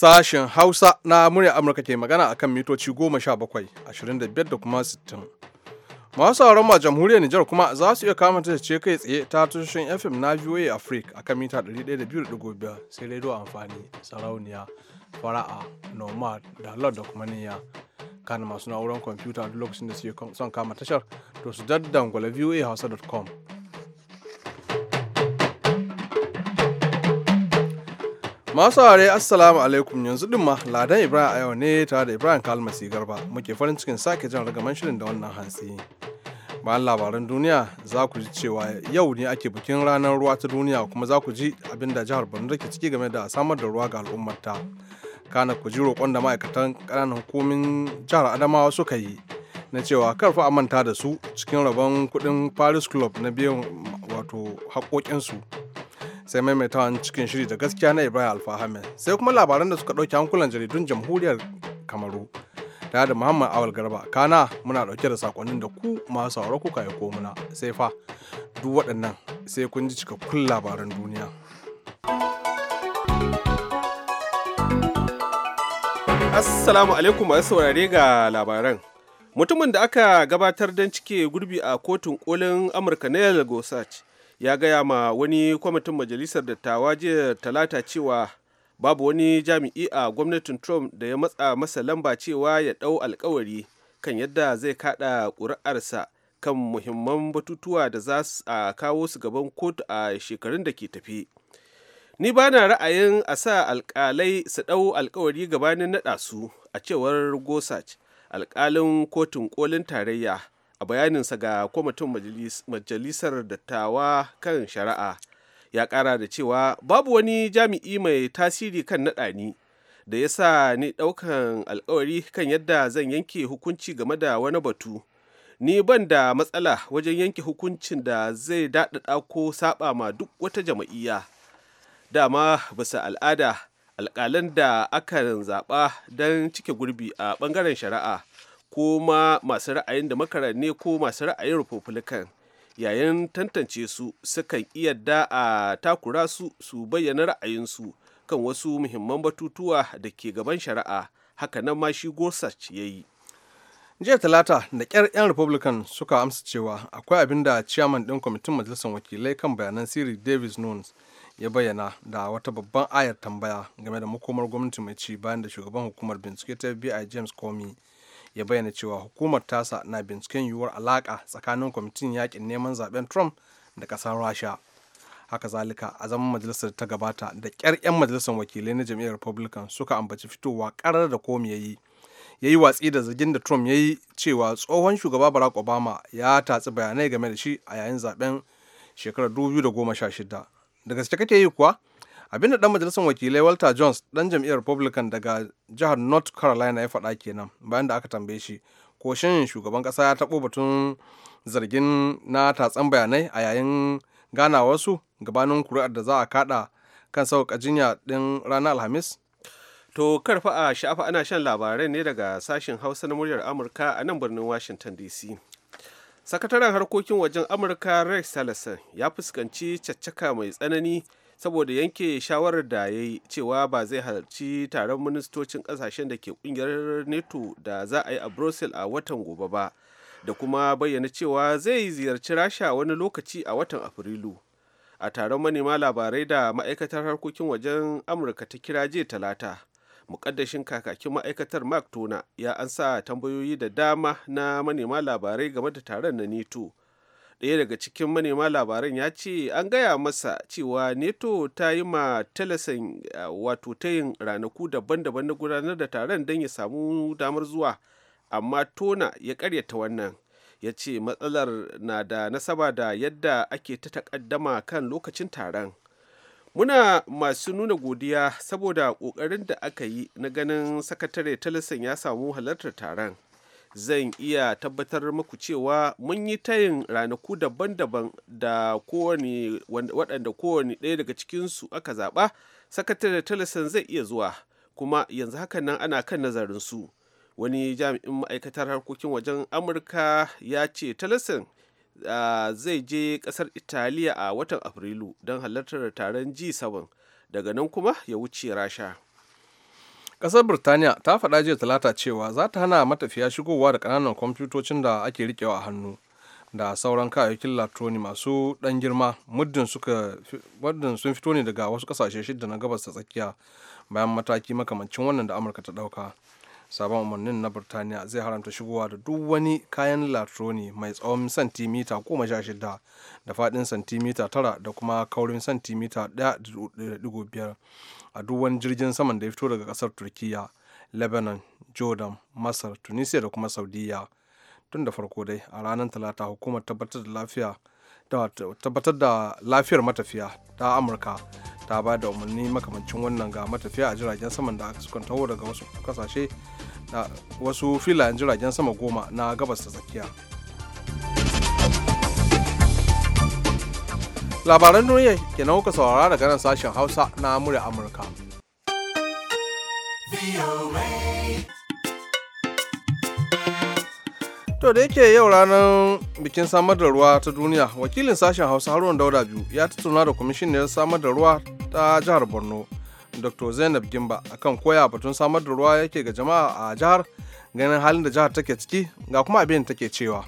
Sashen Hausa na murya Amurka ke magana a kan mitoci 17, da kuma 60. Masu sauran ma jamhuriyar Nijar kuma za su iya kama ta ce kai tsaye ta tushen FM na VOA Africa a kan mita 102.5 sai rediyo amfani sarauniya fara'a nomad da lord da kuma niyya kan masu na'urar kwamfuta duk lokacin da suke son kama tashar to su daddangwala hausa.com Masu ware assalamu alaikum yanzu din ma Ladan Ibrahim Ayo ne tare da Ibrahim Kalmasi Garba muke farin cikin sake jan ragaman shirin da wannan hansi Bayan labaran duniya za ku ji cewa yau ne ake bikin ranar ruwa ta duniya kuma za ku ji abin da jihar Borno take ciki game da samar da ruwa ga al'ummarta. Kana ku ji roƙon da ma'aikatan ƙananan hukumin jihar Adamawa suka yi na cewa karfa a manta da su cikin rabon kuɗin Paris Club na biyan wato haƙoƙinsu. sai maimaitawan cikin shiri da gaskiya na ibrahim alfahamin sai kuma labaran da suka ɗauki hankulan jaridun jamhuriyar kamaru tare da muhammad awal garba kana muna ɗauke da sakonnin da ku masu sauro kuka yi muna sai fa duk waɗannan sai kun ji cikakkun labaran duniya assalamu alaikum masu saurare ga labaran mutumin da aka gabatar don cike gurbi a kotun kolin amurka na ce. ya gaya ma wani kwamitin majalisar dattawa jiya talata cewa babu wani jami'i a gwamnatin trump da ya matsa masa lamba cewa ya ɗau alkawari kan yadda zai kada ƙuri'arsa kan muhimman batutuwa da za a kawo su gaban kotu a shekarun da ke tafi ni ba na ra'ayin a sa alkalai su ɗau alkawari gabanin naɗa su a cewar gosach alkalin kotun kolin tarayya a bayaninsa ga kwamitin majalisar dattawa kan shari'a ya kara da cewa babu wani jami'i mai tasiri kan naɗa ni da ya sa ni ɗaukan alkawari kan yadda zan yanke hukunci game da wani batu ni ban da matsala wajen yanke hukuncin da zai daɗaɗa ko saɓa ma duk wata jama'iyya dama bisa al'ada alƙalan da aka zaɓa don cike gurbi a ɓangaren shari'a ko ma masu ra'ayin da ne ko masu ra'ayin republican yayin tantance su sukan iya da a takura su su bayyana ra'ayinsu kan wasu muhimman batutuwa da ke gaban shari'a hakanan ma shi gorsuch ya yi jiya talata da kyar 'yan republican suka amsa cewa akwai abin da chairman ɗin kwamitin majalisar wakilai kan bayanan siri davis nunes ya bayyana da wata babban ayar tambaya game da makomar gwamnati mai ci bayan da shugaban hukumar bincike ta fbi james comey ya bayyana cewa hukumar tasa na binciken yiwuwar alaka tsakanin kwamitin yakin neman zaben trump da kasar rasha haka zalika a zaman majalisar ta gabata da kyar 'yan majalisar wakilai na jam'iyyar republican suka ambaci fitowa karar da komi ya yi ya yi watsi da zargin da trump ya yi cewa tsohon shugaba barack obama ya tatsi bayanai game da shi a yayin zaben shekarar 2016 da gaske kake yi kuwa abinda dan majalisar wakilai walter jones dan jam'iyyar republican daga jihar north carolina ya faɗa kenan bayan da aka tambaye shi ko shin shugaban ƙasa ya taɓo batun zargin na tatsan bayanai a yayin ganawarsu gabanin kuri'ar da za a kaɗa kan sauƙa jinya ɗin ranar alhamis to karfa a sha'afa ana shan labarai ne daga sashen hausa na muryar amurka a nan birnin washington dc sakataren harkokin wajen amurka rex tillerson ya fuskanci caccaka mai tsanani saboda yanke shawarar da ya yi cewa ba zai halarci taron ministocin kasashen da ke kungiyar neto da za a yi a brussels a watan gobe ba da kuma bayyana cewa zai ziyarci rasha wani lokaci a watan afrilu a taron manema labarai da ma'aikatar harkokin wajen amurka ta kira jiya talata mukaddashin kakakin ma'aikatar mark tona ya ansa tambayoyi da dama na manema labarai game da taron na neto ɗaya daga cikin manema labaran ya ce an gaya masa cewa neto ta yi ma talasan eh, wato ta yin ranaku daban-daban na gudanar da taron don ya samu damar zuwa amma tona ya karyata wannan ya ce matsalar na da nasaba da yadda ake ta takaddama kan lokacin taron muna masu nuna godiya saboda ƙoƙarin da aka yi na ganin sakatare talasan ya samu halartar taron zan iya tabbatar muku cewa mun yi tayin ranaku daban-daban da kowane waɗanda kowane ɗaya daga cikinsu aka zaɓa sakatare talasan zai iya zuwa kuma yanzu hakan nan ana kan nazarin su wani jami'in ma'aikatar harkokin wajen amurka ya ce talasan zai je ƙasar italiya a watan afrilu don halartar taron g7 daga nan kuma ya wuce rasha Ƙasar Birtaniya ta faɗa jiya talata cewa za ta hana matafiya shigowa da ƙananan kwamfutocin da ake riƙewa a hannu da sauran kayayyakin latroni masu ɗan girma muddin suka muddin sun fito ne daga wasu ƙasashe shida na gabas ta tsakiya bayan mataki makamancin wannan da Amurka ta ɗauka. Sabon umarnin na Birtaniya zai haramta shigowa da duk wani kayan latroni mai tsawon santimita goma sha shida da faɗin santimita tara da kuma kaurin santimita ɗaya da biyar. a duk wani jirgin saman da ya fito daga kasar turkiya lebanon jordan masar tunisia da kuma saudiya tun da farko dai a ranar talata hukumar tabbatar da lafiyar matafiya ta amurka ta ba da umarni makamancin wannan ga matafiya a jiragen saman da aka sukan taho daga wasu kasashe da wasu filayen jiragen sama goma na gabas ta tsakiya labaran duniya ke nan kuka saurara daga nan sashen hausa na murya amurka to da yake yau ranar bikin samar da ruwa ta duniya wakilin sashen hausa haruwan dauda biyu ya tattauna da kwamishiniyar samar da ruwa ta jihar borno dr zainab gimba akan koya batun samar da ruwa yake ga jama'a a jihar ganin halin da jihar take ciki ga kuma abin take cewa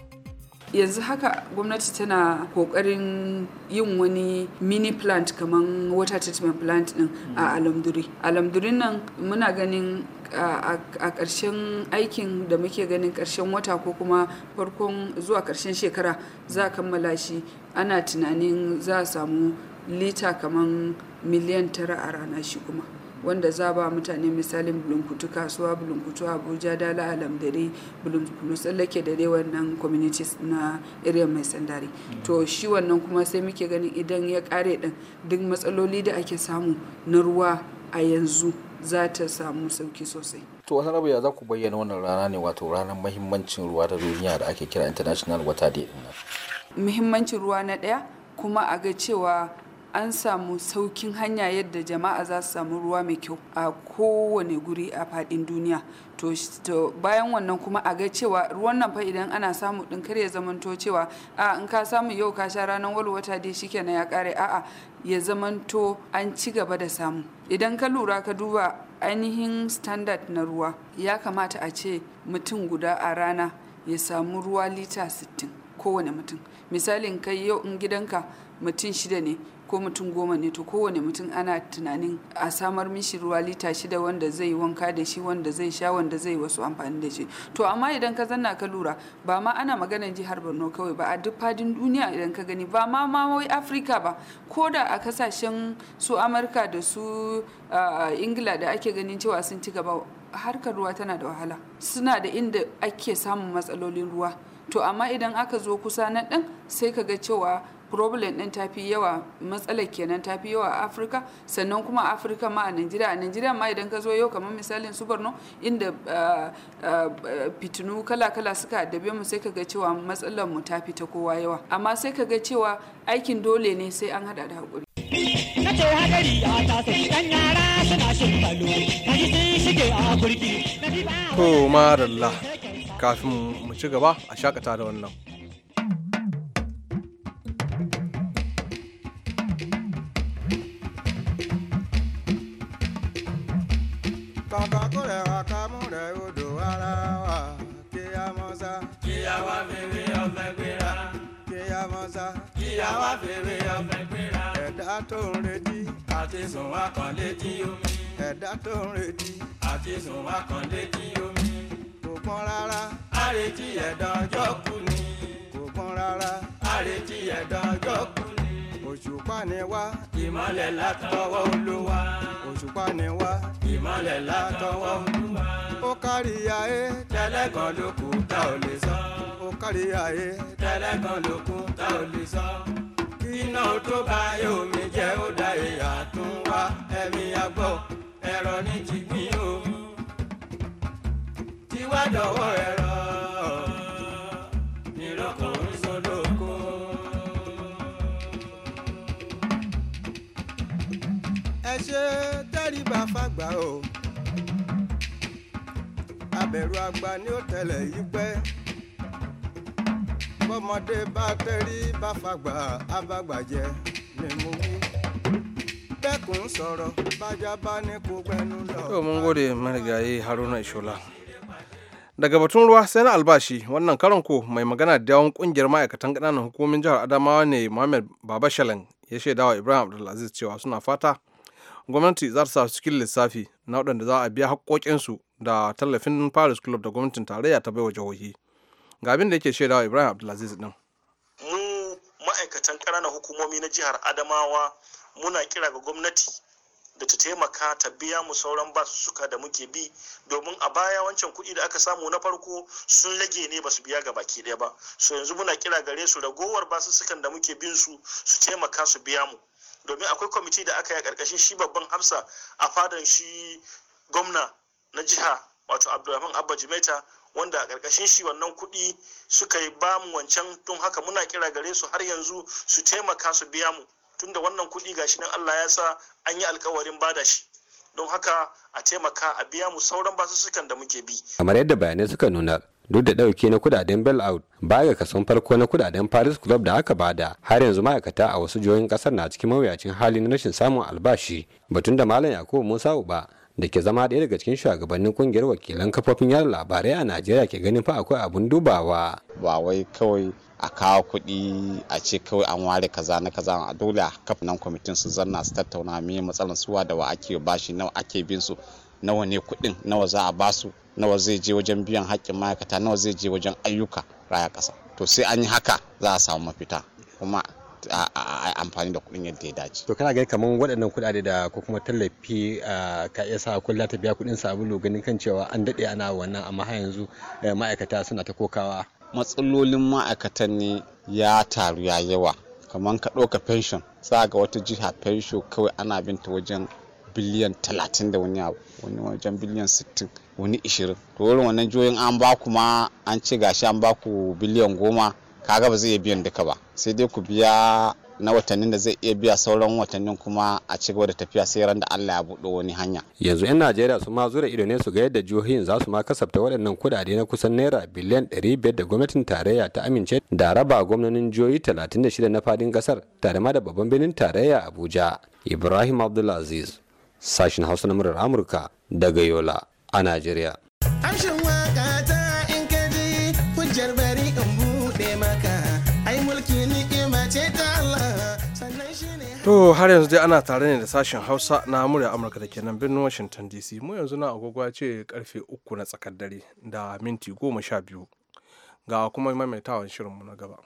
yanzu haka gwamnati tana kokarin yin wani mini plant kaman water treatment plant din a mm. alamduri alamdurin nan muna ganin a ƙarshen aikin da muke ganin ƙarshen wata ko kuma farkon zuwa ƙarshen shekara za a kammala shi ana tunanin za a samu lita kaman miliyan tara a rana shi kuma wanda za ba mutane misalin bulunkutu kasuwa bulunkutu abuja dala alamdare bulunkutu tsallake da dai wannan communities na area mai sandari mm. to shi wannan kuma sai muke ganin idan ya kare din duk matsaloli da ake samu na ruwa a yanzu za ta samu sauki sosai to wasan abu ya za ku bayyana wannan rana ne wato ranar mahimmancin ruwa da duniya da ake kira international water day muhimmancin ruwa na daya kuma a ga cewa an samu saukin hanya yadda jama'a za su samu ruwa mai kyau a kowane guri a faɗin duniya to bayan wannan kuma a ga cewa ruwan nan fa idan ana samu din kar ya zamanto cewa a in ka samu yau ka sha ranar wata dai shikenan ya kare a'a ya zamanto an ci gaba da samu idan ka lura ka duba ainihin standard na ruwa ya kamata a ce mutum guda a rana ya samu ruwa lita 60 kowane mutum misalin kai yau in gidanka mutum shida ne ko mutum goma ne to kowane mutum ana tunanin a samar mishi ruwa lita shida wanda zai wanka da shi wanda zai sha wanda zai wasu amfani da shi to amma idan ka zanna ka lura ba ma ana maganar jihar borno kawai ba a duk fadin duniya idan ka gani ba ma ma wai afirka ba ko da a kasashen su amurka da su ingila da ake ganin cewa sun ci gaba harkar ruwa tana da wahala suna da inda ake samun matsalolin ruwa to amma idan aka zo kusa na ɗan sai ka ga cewa problem din tafi yawa matsalar kenan tafi yawa a afirka sannan kuma afirka ma a nigeria a nigeria ma idan ka zo yau kamar misalin su borno inda ah, ah, fitinu kala-kala suka addabe mu sai ka ga cewa matsalar mu tafi ta kowa yawa amma sai ka ga cewa aikin dole ne sai an hada da hakuri nace ya a to madalla kafin mu ci gaba a shakata da wannan wa ká múra odò ara wa kí a mọ sá. kí a wá fèrè ọ̀fẹ́ gbéra. kí a mọ sá. kí a ẹ̀dá tó ń retí. àti sùn wá kan létí omi. kò pọn rárá. a retí ẹ̀dá ọjọ́ kù ni. kò pọn rárá. a retí ẹ̀dá ọjọ́ kù ni òṣùpá ni wá ìmọ̀lẹ̀ látọwọ́ olúwa òṣùpá ni wá ìmọ̀lẹ̀ látọwọ́ olúwa ó kárí ayé tẹ́lẹ̀kan ló kù tá ò lè sọ ó kárí ayé tẹ́lẹ̀kan ló kù tá ò lè sọ kí iná tó bá omi jẹ́ ó dá ìyá tó wá ẹ̀mí agbọ́ ẹ̀rọ ní jìgbín o tiwa dọ̀wọ́ ẹ̀rọ nírọ̀kọ́. ṣe tẹríba fàgbà o abẹ̀rù àgbà ni ó tẹ̀lẹ̀ yí pẹ́ bọ́mọdé bá tẹríba fàgbà abàgbàjẹ́ ni mo wí bẹ́kùn sọ̀rọ̀ bájá bá ní kó gbẹnu lọ. yau mun gode marigayi haruna ishola daga batun ruwa sai na albashi wannan karon ko mai magana da yawon kungiyar ma'aikatan ƙananan hukumomin jihar adamawa ne muhammad baba babashalan ya shaidawa ibrahim abdulaziz cewa suna fata gwamnati za ta sa cikin lissafi na waɗanda za a biya haƙoƙinsu da tallafin paris club da gwamnatin tarayya ta baiwa jihohi ga abin da yake shaidawa ibrahim abdulaziz din mu ma'aikatan ƙananan hukumomi na jihar adamawa muna kira ga gwamnati da ta taimaka ta biya mu sauran suka da muke bi domin a baya wancan kuɗi da aka samu na farko sun rage ne ba su biya ga baki ɗaya ba so yanzu muna kira gare su ragowar sukan da muke bin su su taimaka su biya mu domin akwai kwamiti da aka yi a ƙarƙashin shi babban hamsa a fadan shi gwamna na jiha wato abdulrahman abba jimaita wanda a ƙarƙashin shi wannan kuɗi suka yi bamu wancan tun haka muna kira gare su har yanzu su taimaka su biya mu tunda wannan kuɗi ga shi nan allah ya sa an yi alkawarin bada shi don haka a taimaka a biya mu sauran basussukan da muke bi kamar yadda bayanai suka nuna duk da ɗauke na kudaden bailout baya ga kason farko na kudaden paris club da aka bada har yanzu ma'aikata a wasu jihohin kasar na cikin mawuyacin hali na rashin samun albashi batun da malam yakubu musa uba da ke zama daya daga cikin shugabannin kungiyar wakilan kafofin yada labarai a najeriya ke ganin fa akwai abun dubawa ba wai kawai a kawo kuɗi a ce kawai an ware kaza na kaza a dole kafin nan kwamitin su zanna su tattauna me matsalan suwa da wa ake bashi nawa ake bin su nawa ne kuɗin nawa za a basu nawa zai je wajen biyan haƙƙin ma'aikata nawa zai je wajen ayyuka raya ƙasa to sai an yi haka za a samu mafita kuma a amfani da kuɗin yadda ya dace. To kana gani kamar waɗannan kuɗaɗe da ko kuma tallafi ka iya sa kulla ta biya kuɗin sabulu ganin kan cewa an daɗe ana wannan amma har yanzu eh, ma'aikata suna ta kokawa. Matsalolin ma'aikatan ne ya taru ya yawa kamar ka ɗauka pension za ga wata jiha pension kawai ana binta wajen biliyan talatin da wani abu wani wajen biliyan sittin wani ishirin to wurin wannan jihohin an ba ku ma an ce gashi an ba ku biliyan goma kaga ba zai iya biyan duka ba sai dai ku biya na watannin da zai iya biya sauran watannin kuma a ci gaba da tafiya sai ran da Allah ya buɗo wani hanya. Yanzu 'yan Najeriya su ma zura ido ne su ga yadda jihohin za su ma kasafta waɗannan kuɗaɗe na kusan naira biliyan 500 da gwamnatin tarayya ta amince da raba gwamnonin jihohi 36 na fadin kasar tare ma da babban birnin tarayya Abuja. Ibrahim Abdulaziz sashen hausa na murar amurka daga yola a najeriya in in buɗe maka ai mulki ce To har yanzu dai ana tare ne da sashen Hausa na murya Amurka da kenan birnin Washington DC. Mu yanzu na agogwa ce karfe uku na tsakar dare da minti goma sha biyu. Ga kuma maimaitawan shirinmu na gaba.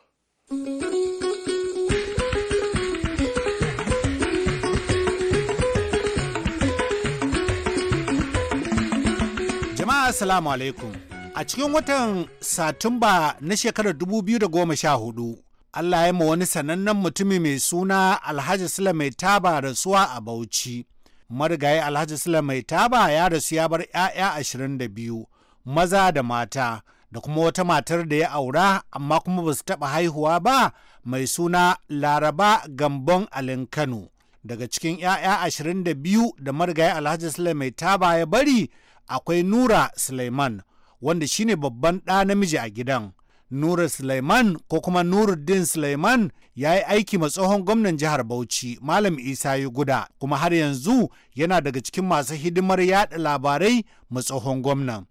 Jama'a Assalamu alaikum. A cikin watan Satumba na shekarar 2014, Allah ya ma wani sanannen mutumi mai suna Alhaji Sula mai taba rasuwa a Bauchi. Marigayi Alhaji Sula mai taba ya rasu ya bar 'ya'ya 22, maza da mata, da kuma wata matar da ya aura amma kuma ba su taɓa haihuwa ba mai suna Laraba Gambon Alin Kano. Daga cikin 'ya'ya 22 da marigayi Alhaji Sula mai taba ya bari akwai Nura Suleiman wanda shine babban ɗa namiji a gidan. Nura Suleiman ko kuma Nuruddin Suleiman ya yi aiki ma tsohon gwamnan jihar Bauchi Malam Isa yi Guda kuma har yanzu yana daga cikin masu hidimar yaɗa labarai ma tsohon gwamnan.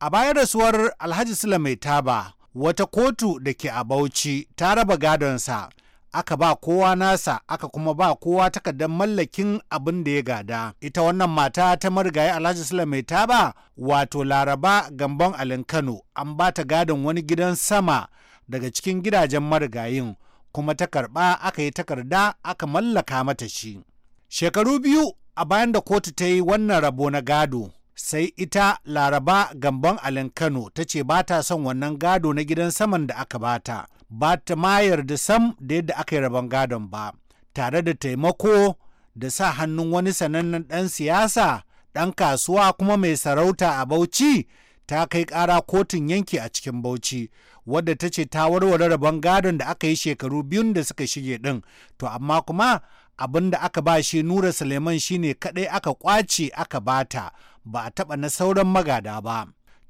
A bayan rasuwar Alhaji Sula Mai Taba wata kotu da ke a Bauchi ta raba gadonsa aka ba kowa nasa aka kuma ba kowa takardar mallakin abin da ya gada ita wannan mata ta marigayi alhaji sulaimai ta ba wato laraba gambon alin kano an ba ta gadon wani gidan sama daga cikin gidajen marigayin kuma ta karba aka yi takarda aka mallaka mata shi shekaru biyu a bayan da kotu ta yi wannan rabo na gado sai ita laraba gamban alin kano ta ce ba ta son wannan gado na gidan saman da aka bata ba ta mayar da sam da yadda aka yi rabon gadon ba tare da taimako da sa hannun wani sanannen ɗan siyasa ɗan kasuwa kuma mai sarauta a bauchi ta kai ƙara kotun yanki a cikin bauchi wadda ta ce ta warware rabon gadon da aka yi shekaru biyun da suka shige ɗin to amma kuma abin da aka ba shi nura suleiman shine kaɗai aka kwace aka bata ba a taɓa na sauran magada ba.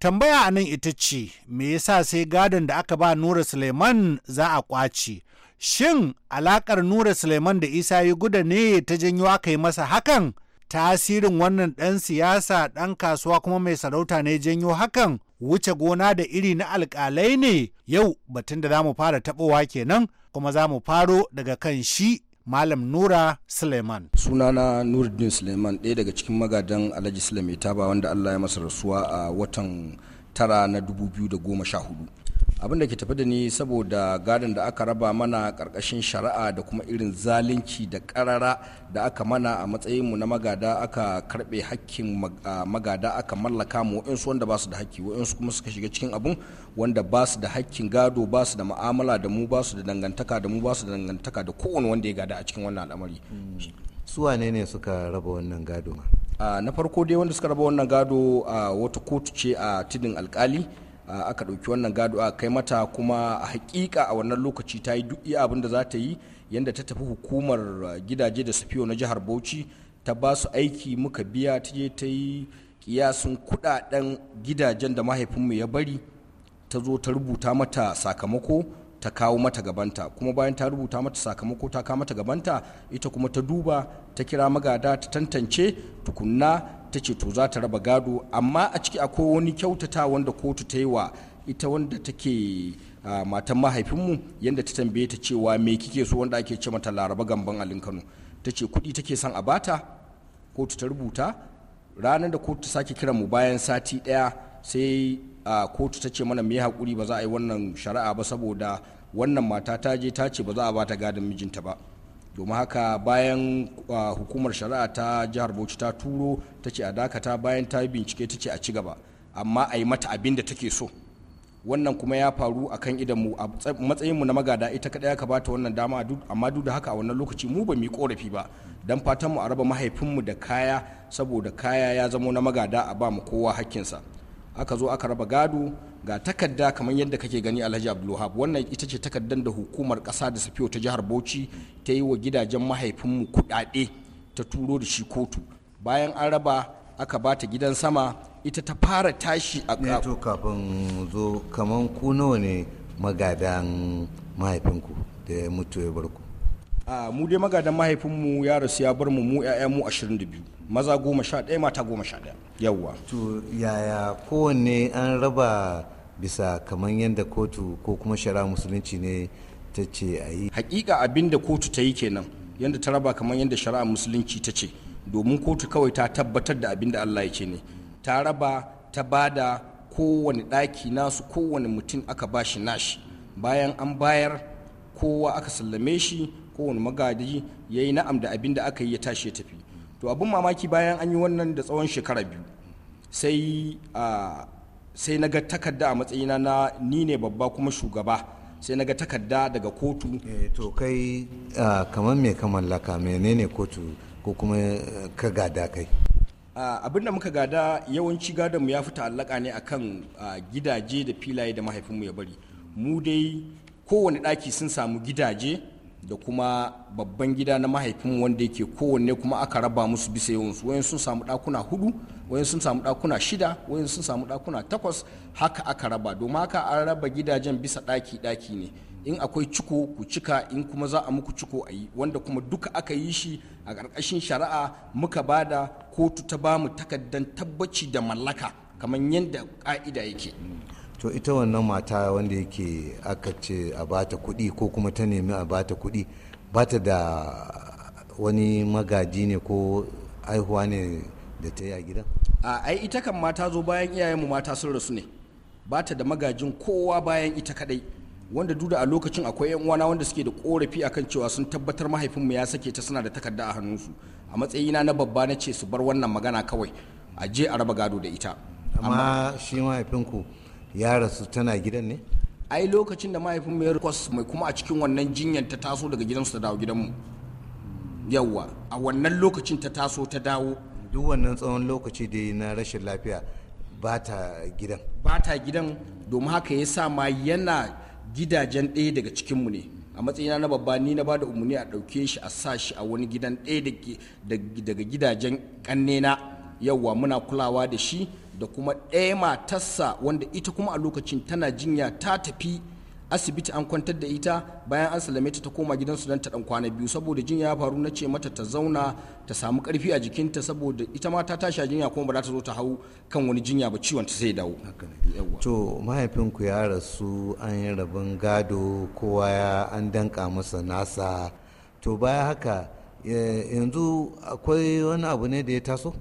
Tambaya a nan ita ce, me yasa sai gadon da aka ba Nura Suleiman za a ƙwace? Shin alaƙar Nura Suleiman da Isa yi guda ne ta janyo aka yi masa hakan? Tasirin wannan ɗan siyasa ɗan kasuwa kuma mai sarauta ne janyo hakan? Wuce gona da iri na alƙalai ne? Yau batun da za mu fara taɓowa kenan kuma za mu faro daga kan shi Malam Nura Suleiman. Sunana Nuruddin Suleiman ɗaya daga cikin magadan Alhaji ta ba wanda Allah ya masa rasuwa a watan tara na 2014 abin da ke tafi da ni saboda gadon da aka raba mana karkashin shari'a da kuma irin zalunci da karara da aka mana a matsayinmu na magada aka karbe hakkin magada aka mallaka mu wa'insu wanda ba su da hakki wa'insu kuma suka shiga cikin abun wanda ba su da hakkin gado ba su da ma'amala da mu ba su da dangantaka da mu ba su da dangantaka da kowane wanda ya gada a cikin wannan al'amari su wane ne suka raba wannan gado na farko dai wanda suka raba wannan gado a wata kotu ce a tidin alkali aka ɗauki wannan gado a kai mata kuma a hakika a wannan lokaci ta yi duk iya abin da za ta yi yadda ta tafi hukumar uh, gidaje da safiyo na jihar bauchi ta ba su aiki muka biya ta je ta yi kiyasun kudaden gidajen da mahaifinmu ya bari ta zo ta rubuta mata sakamako ta kawo mata gabanta kuma bayan ta rubuta mata sakamako ta kawo mata gabanta ita kuma ta duba ta kira magada ta tantance tukunna ta ce to za ta raba gado amma a ciki akwai wani kyautata wanda kotu ta yi wa ita wanda take matan mahaifinmu yadda ta tambaye ta cewa me kike so wanda ake ce mata laraba gamban alin kano ta ce kudi take son a bata kotu ta rubuta ranar da kotu ta sake kira mu bayan sati daya sai kotu ta ce mana me hakuri ba za a yi wannan shari'a ba saboda wannan mata ta je ta ce ba za a bata gadon mijinta ba domin haka bayan hukumar shari'a ta jihar bauchi ta turo ta ce a dakata bayan ta yi bincike ta ce a ci gaba amma a yi mata abin da take so wannan kuma ya faru a kan idanmu a matsayinmu na magada ita kaɗai aka bata wannan dama amma duk da haka a wannan lokaci mu ba mu yi korafi ba don fatan mu a raba mahaifinmu da kaya saboda kaya ya zamo na magada a ba mu kowa hakkinsa aka zo aka raba gado ga takarda kamar yadda kake gani alhaji abdulwahab wannan ita ce takardar da hukumar kasa da safiyo ta jihar bauchi ta yi wa gidajen mahaifinmu kudade ta turo da shi kotu bayan an raba aka ba ta gidan sama ita ta fara tashi a eh to kafin zo kamar ku nawa ne magadan mahaifinku da ya mutu ya barku a mu dai magadan mahaifinmu ya rasu ya bar mu mu 22 maza goma sha ɗaya mata goma sha ɗaya yawwa to yaya kowanne an raba bisa kamar yadda kotu ko kuma shari'a musulunci ne ta ce a yi hakika abin da kotu ta yi kenan yadda ta raba kamar yadda shari'a musulunci ta ce domin kotu kawai ta tabbatar da abin da allah ya ce ne ta raba ta ba da kowane ɗaki nasu kowane mutum aka ba shi nashi bayan an bayar kowa aka sallame shi kowane magadi ya yi na'am da abin da aka yi ya tashi ya tafi to abin mamaki bayan an yi wannan da tsawon shekara biyu sai a ah, sai na ga takarda a matsayina na ni ne babba kuma shugaba sai na ga takarda daga kotu eh, to kai kamar me ka mallaka menene kotu ko kuma eh, ka gada kai abin da muka gada yawanci gadonmu ya fita allaka ne akan gidaje da filaye da mahaifinmu ya bari mu dai kowane daki sun samu gidaje da kuma babban gida na mahaifinmu wanda yake kowanne kuma aka raba musu bisa yawansu wayan sun samu dakuna hudu wayan sun samu dakuna shida wayan sun samu dakuna takwas haka aka raba domin haka an raba gidajen bisa daki daki ne in akwai ciko ku cika in kuma za a muku ciko a yi wanda kuma duka aka yi shi a ƙarƙashin shari'a muka bada kotu ta bamu takaddan tabbaci da mallaka kamar yadda ƙa'ida yake. to ita wannan mata wanda yake aka ce a bata kuɗi ko kuma ta nemi a bata kuɗi bata da wani magaji ne ko aihuwa ne da ta yi a gida a ai ita kan mata zo bayan iyayenmu mata sun rasu ne bata da magajin kowa bayan ita kadai wanda duda a lokacin akwai yan uwana wanda suke da korafi akan cewa sun tabbatar mahaifinmu ya sake ta suna da takarda a hannunsu a matsayina na babba na ce su bar wannan magana kawai a je a raba gado da ita amma shi mahaifinku ya rasu tana gidan ne ai lokacin da mahaifin ya rikos mai kuma a cikin wannan jinyar ta taso daga gidansu ta dawo gidanmu yawwa a wannan lokacin ta taso ta dawo duk wannan tsawon lokaci da na rashin lafiya ba ta gidan ba ta gidan domin haka ya sa ma yana gidajen ɗaya daga cikinmu ne a matsayina na babba ni na ba da umarni a ɗauke shi a sa shi a wani gidan ɗaya daga gidajen ƙannena yawwa muna kulawa da shi da kuma ɗaya matarsa wanda ita kuma a lokacin tana jinya ta tafi asibiti an kwantar da ita bayan an salame ta ta koma gidansu don ta dan kwana biyu saboda jinya ya faru na ce mata ta zauna ta samu karfi a jikinta saboda ita ma ta tashi jinya kuma ba za ta zo ta hau kan wani jinya ba ciwon ta sai dawo to mahaifinku ya rasu an yi rabin gado kowa ya an danka masa nasa to baya haka eh, yanzu akwai wani abu ne da ya taso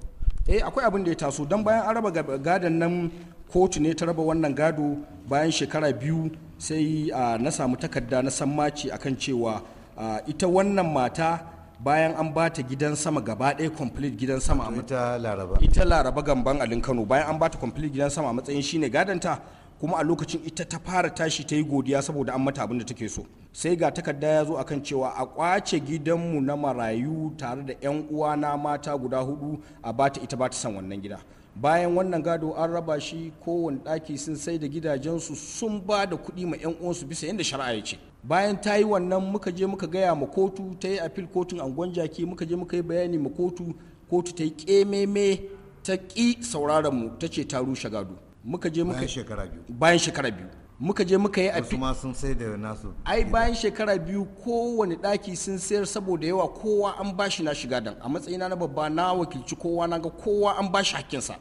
eh akwai abin da ya taso don bayan an raba gadon nan kotu ne ta raba wannan gado bayan shekara biyu sai na samu takarda na san maci akan cewa ita wannan mata bayan an ba ta gidan sama gaba ɗaya complete gidan sama a ita laraba ita laraba gamban alin kano bayan an ba ta complete gidan sama a matsayin shine gadanta kuma a lokacin ita ta fara tashi ta yi godiya saboda an mata abin da take so sai ga takarda ya zo akan cewa a kwace gidanmu na marayu tare da 'yan uwana mata guda hudu a bata ita bata san wannan gida bayan wannan gado an raba shi kowane ɗaki sun sai da gidajensu sun ba da kuɗi ma 'yan uwansu bisa yadda shari'a ya ce bayan ta yi wannan muka je muka gaya ma kotu ta yi apil kotun angon jaki muka je muka yi bayani ma kotu kotu ta yi ƙememe ta ƙi sauraron ta ce ta rushe gado muka je muka bayan shekara biyu muka je muka yi a ma sun sai da nasu ai bayan shekara biyu kowane daki sun sayar saboda yawa kowa an bashi na shiga dan a matsayina na babba na wakilci kowa na ga kowa an bashi hakkinsa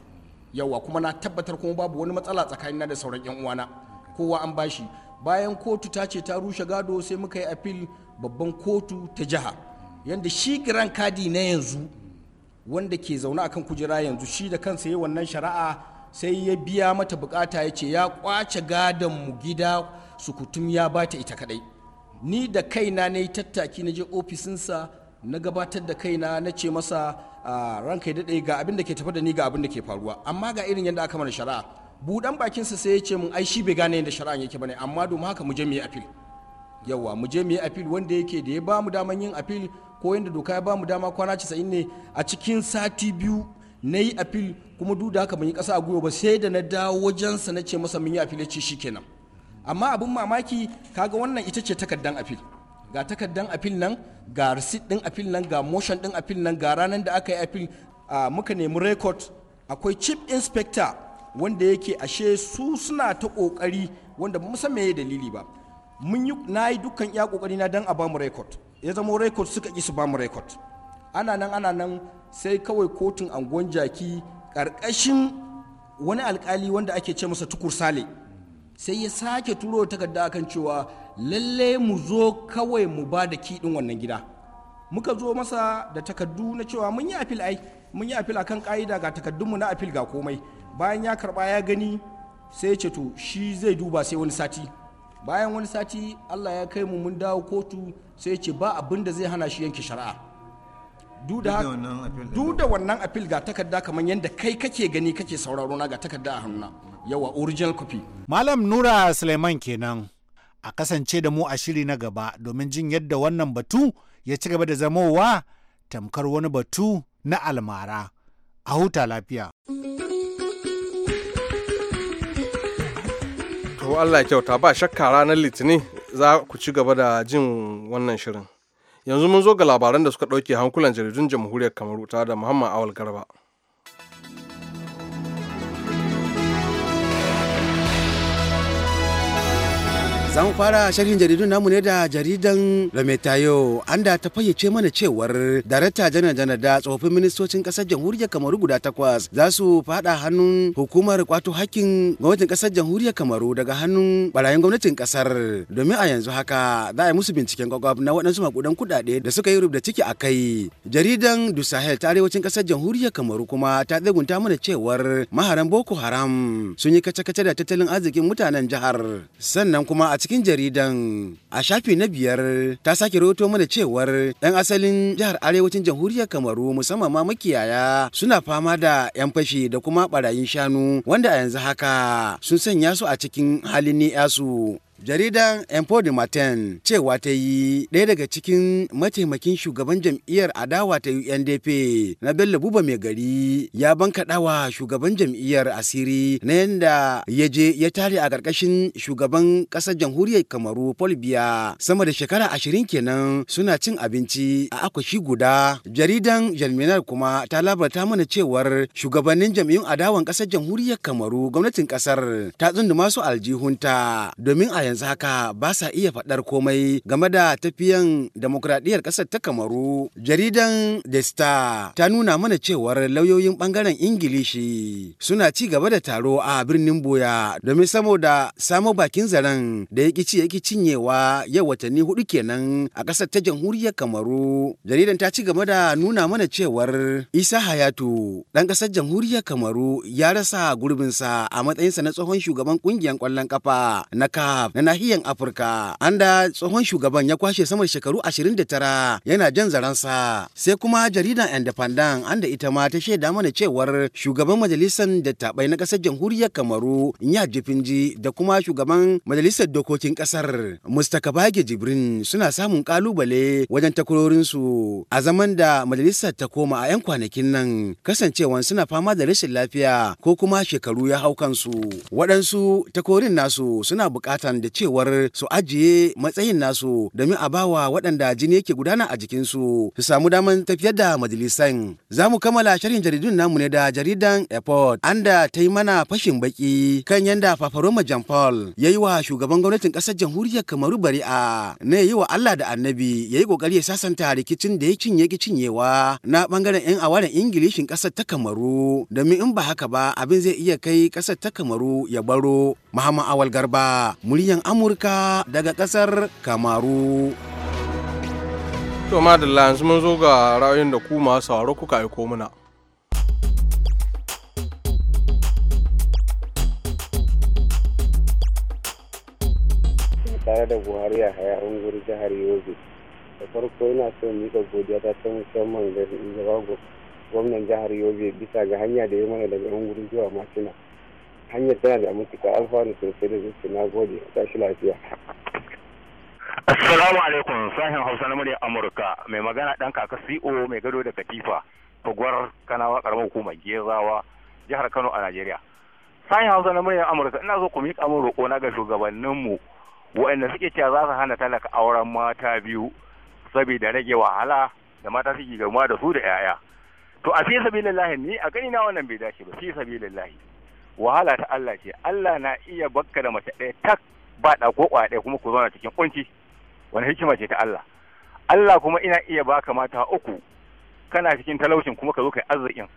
yawa kuma na tabbatar kuma babu wani matsala tsakanina da sauran yan uwana kowa an bashi bayan kotu ta ce ta rushe gado sai muka yi appeal babban kotu ta jiha yanda shi giran kadi na yanzu wanda ke zaune akan kujera yanzu shi da kansa yi wannan shari'a sai ya biya mata bukata ya ce ya kwace gadon mu gida sukutum ya ta ita kadai ni da kaina na yi tattaki na je ofisinsa na gabatar da kaina na ce masa ranka ya daɗe ga abin da ke tafa da ni ga abin da ke faruwa amma ga irin yadda aka mana shari'a budan bakinsa sai ya ce mun ai shi bai gane yadda shari'an yake bane amma domin haka mu je mu yi apil yawa mu je mu yi apil wanda yake da ya ba mu daman yin apil ko yadda doka ya ba mu dama kwana 90 ne a cikin sati biyu na yi apil kuma duk da haka ban yi ƙasa a gwiwa ba sai da na dawo wajensa na ce masa mun yi apil ya ce kenan amma abin mamaki kaga wannan ita ce takardan apil ga takardan apil nan ga receipt din apil nan ga motion din apil nan ga ranar da aka yi apil muka nemi record akwai chief inspector wanda yake ashe su suna ta kokari wanda ba san meye dalili ba mun yi na yi dukkan iya kokari na dan a bamu record ya zama record suka ki su bamu record ana nan ana nan sai kawai kotun angon jaki ƙarƙashin wani alƙali wanda ake ce masa tukur sale sai ya sake turo takarda akan cewa lalle mu zo kawai mu ba da kiɗin wannan gida muka zo masa da takardu na cewa mun yi afil ai mun yi afil akan ƙa'ida ga takardunmu na afil ga komai bayan ya karɓa ya gani sai ya ce to shi zai duba sai wani sati bayan wani sati allah ya kai mu mun dawo kotu sai ya ce ba abin da zai hana shi yanke shari'a duda da wannan apil ga takarda kamar yadda kai kake gani kake sauraro na ga takarda a hannuna yawa original copy malam nura suleiman kenan a kasance da mu a shiri na gaba domin jin yadda wannan batu ya ci gaba da zamowa tamkar wani batu na almara a huta lafiya to Allah ya kyauta ba shakka ranar litinin za ku ci gaba da jin wannan shirin yanzu mun zo ga labaran da suka ɗauke hankulan jaridun jamhuriyar kamaru tare da muhammad awal garba Za mu fara sharhin jaridun namu ne da jaridan Rametayo da ta fayyace mana cewar darakta janar janar da tsofaffin ministocin kasar jamhuriyar Kamaru guda takwas za su fada hannun hukumar kwato hakkin gwamnatin kasar jamhuriyar Kamaru daga hannun barayin gwamnatin kasar domin a yanzu haka za a yi musu binciken kwakwaf na waɗansu makudan kuɗaɗe da suka yi rubda ciki a kai. Jaridan Du Sahel ta arewacin kasar jamhuriyar Kamaru kuma ta tsegunta mana cewar maharan Boko Haram sun yi kace-kace da tattalin arzikin mutanen jihar sannan kuma a cikin jaridan a shafi na biyar ta sake rahoto mana cewar 'yan asalin jihar arewacin jamhuriyar kamaru musamman ma makiyaya suna fama da 'yan fashi da kuma barayin shanu wanda a yanzu haka sun sanya su a cikin halin ni'yasu jaridar Empo de Martin cewa ta yi ɗaya daga cikin mataimakin shugaban jam'iyyar adawa ta UNDP na Bello Buba mai gari ya bankaɗawa shugaban jam'iyyar asiri na yadda ya je ya tare a ƙarƙashin shugaban ƙasar jamhuriyar Kamaru Paul Biya sama da shekara ashirin kenan suna cin abinci a akwashi guda. Jaridan Jalminar kuma ta labarta mana cewar shugabannin jam'iyyun adawan ƙasar jamhuriyar Kamaru gwamnatin ƙasar ta tsunduma masu aljihunta domin a yanzu yanzu haka ba sa iya faɗar komai game da tafiyan demokradiyyar ƙasar ta kamaru jaridan the star ta nuna mana cewar lauyoyin ɓangaren ingilishi suna ci gaba da taro a birnin boya domin saboda samo bakin zaren da ya ci ya cinyewa yau watanni hudu kenan a ƙasar ta jamhuriyar kamaru jaridan ta ci gaba da nuna mana cewar isa hayatu ɗan ƙasar jamhuriyar kamaru ya rasa gurbinsa a matsayinsa na tsohon shugaban ƙungiyar kwallon ƙafa na kaf na nahiyan Afirka. anda tsohon shugaban ya kwashe sama da tara yana jan zaransa. Sai kuma jaridan Independent anda ita ma ta shaida mana cewar shugaban majalisar dattabai na ƙasar jamhuriyar Kamaru ya Jifinji da kuma shugaban majalisar dokokin ƙasar Mustaka Bage Jibrin suna samun kalubale wajen takurorinsu a zaman da majalisar ta koma a 'yan kwanakin nan kasancewan suna fama da rashin lafiya ko kuma shekaru ya hau kansu. Waɗansu takorin nasu suna bukatan da cewar su ajiye matsayin nasu domin a bawa waɗanda jini yake gudana a jikinsu su samu daman tafiyar da majalisan. Za mu kammala shirin jaridun namu ne da jaridan Airport an da ta yi mana fashin baki kan yadda Fafaroma Jean Paul ya yi wa shugaban gwamnatin ƙasar jamhuriyar Kamaru bari'a na yi wa Allah da annabi ya yi ƙoƙari ya sasanta rikicin da ya cinye ki cinyewa na ɓangaren 'yan awaren Ingilishin ƙasar ta Kamaru domin in ba haka ba abin zai iya kai ƙasar ta Kamaru ya baro Muhammad Awal Garba, muryan Amurka daga kasar Kamaru. To madalla yanzu mun zo ga ra'ayin da ku masu sauraro kuka aiko mana. tare da buhari a haya guri jihar yobe da farko yana son miƙa godiya ta ta musamman ga gwamnan jihar yobe bisa ga hanya da ya mana daga yan zuwa macina hanyar tana da mutuka alfanu sosai da zuci na gode ta shi lafiya assalamu alaikum sahin hausa na murya amurka mai magana dan kaka co e mai gado da katifa Fugwar kanawa karamar hukumar gezawa jihar kano a najeriya sahin hausa na murya amurka ina so ku miƙa min roƙo na ga mu waɗanda suke cewa za su hana talaka auren mata biyu saboda rage wahala da mata suke gamuwa da su da 'ya'ya to a fi sabilillahi ni a gani na wannan bai dace ba fi sabilillahi wahala ta Allah ce Allah na iya bakka da mace ɗaya tak ba da ko ɗaya kuma ku zauna cikin kunci wani hikima ce ta Allah Allah kuma ina iya baka mata uku kana cikin talaucin kuma ka zo kai arzikin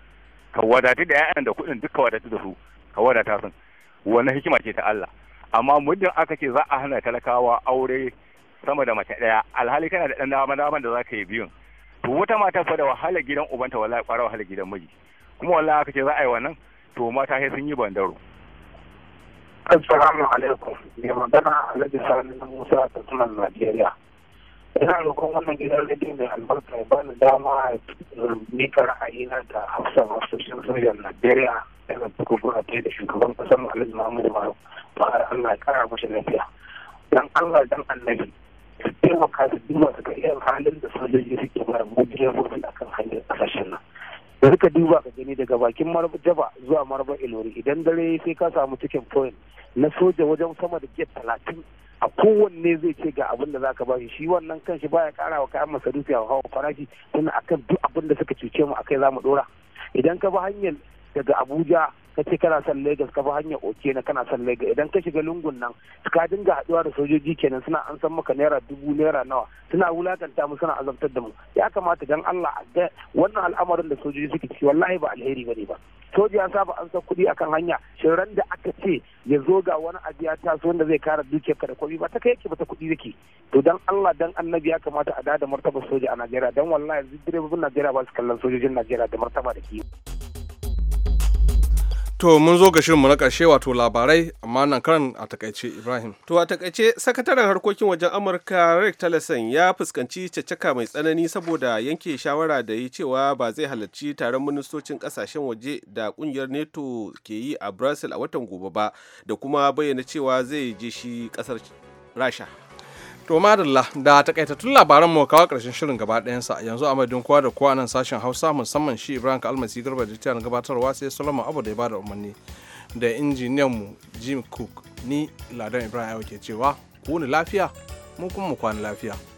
ka wadatu da 'ya'yan da kuɗin duka wadatu da su ka wadata sun wani hikima ce ta Allah amma muddin aka ce za a hana talakawa aure sama da mace ɗaya alhali kana da ɗan dama daman da za ka yi biyun to wata mata fa da wahala gidan ubanta wallahi ƙwara wahala gidan miji kuma wallahi aka ce za a yi wannan to mata sai sun yi bandaro assalamu alaikum Ne magana alhaji sani na musa ta sunan najeriya ina roƙon wannan gidan rediyo mai albarka ya bani dama mika ra'ayina da hafsa masoshin sojan najeriya daga tukukura ta da shugaban kasar alhaji muhammadu buhari allah ya kara mashi lafiya dan allah dan annabi taimaka su duk masu ga halin da sojoji suke mara mugiyar wurin akan hanyar kasashen nan da suka duba ka gani daga bakin jaba zuwa maraba ilori idan dare sai ka samu cikin point na soja wajen sama da gate talatin a kowanne zai ce ga abin da zaka bashi shi wannan kanshi baya karawa kayan masarufi a hawa farashi tun akan duk abin da suka cuce mu akai mu dora idan ka bi hanyar daga abuja ka ce kana son Legas ka bi hanyar oke na kana son Legas idan ka shiga lungun nan ka dinga haɗuwa da sojoji kenan suna an san maka naira dubu naira nawa suna wulakanta mu suna azabtar da mu ya kamata dan Allah a wannan al'amarin da sojoji suke ci wallahi ba alheri bane ba soja ya saba an san kuɗi akan hanya shirin da aka ce ya zo ga wani abu ta taso wanda zai kara ka da kuɗi ba ta kai yake ba ta kuɗi yake to dan Allah dan annabi ya kamata a da martaba soja a Najeriya dan wallahi yanzu direbobin Najeriya ba su kallon sojojin Najeriya da martaba da kiwo To mun zo ga shirinmu na ƙarshe wato labarai amma nan karan a takaice Ibrahim. To a takaice sakataren harkokin wajen Amurka Rick Tillerson ya fuskanci caccaka mai tsanani saboda yanke shawara da yi cewa ba zai halarci taron ministocin ƙasashen waje da ƙungiyar NATO ke yi a Brazil a watan gobe ba da kuma bayyana cewa zai je shi ƙasar Rasha. to madalla da takaitattun labaran mu kawo karshen shirin gaba ɗayansa yanzu a madadin kowa da kowa nan sashen hausa musamman shi ibrahim almasi garba da tiyan gabatarwa sai solomon abu da ya bada umarni da injiniyan mu jim cook ni ladan ibrahim ke cewa ku ni lafiya mu kuma mu kwana lafiya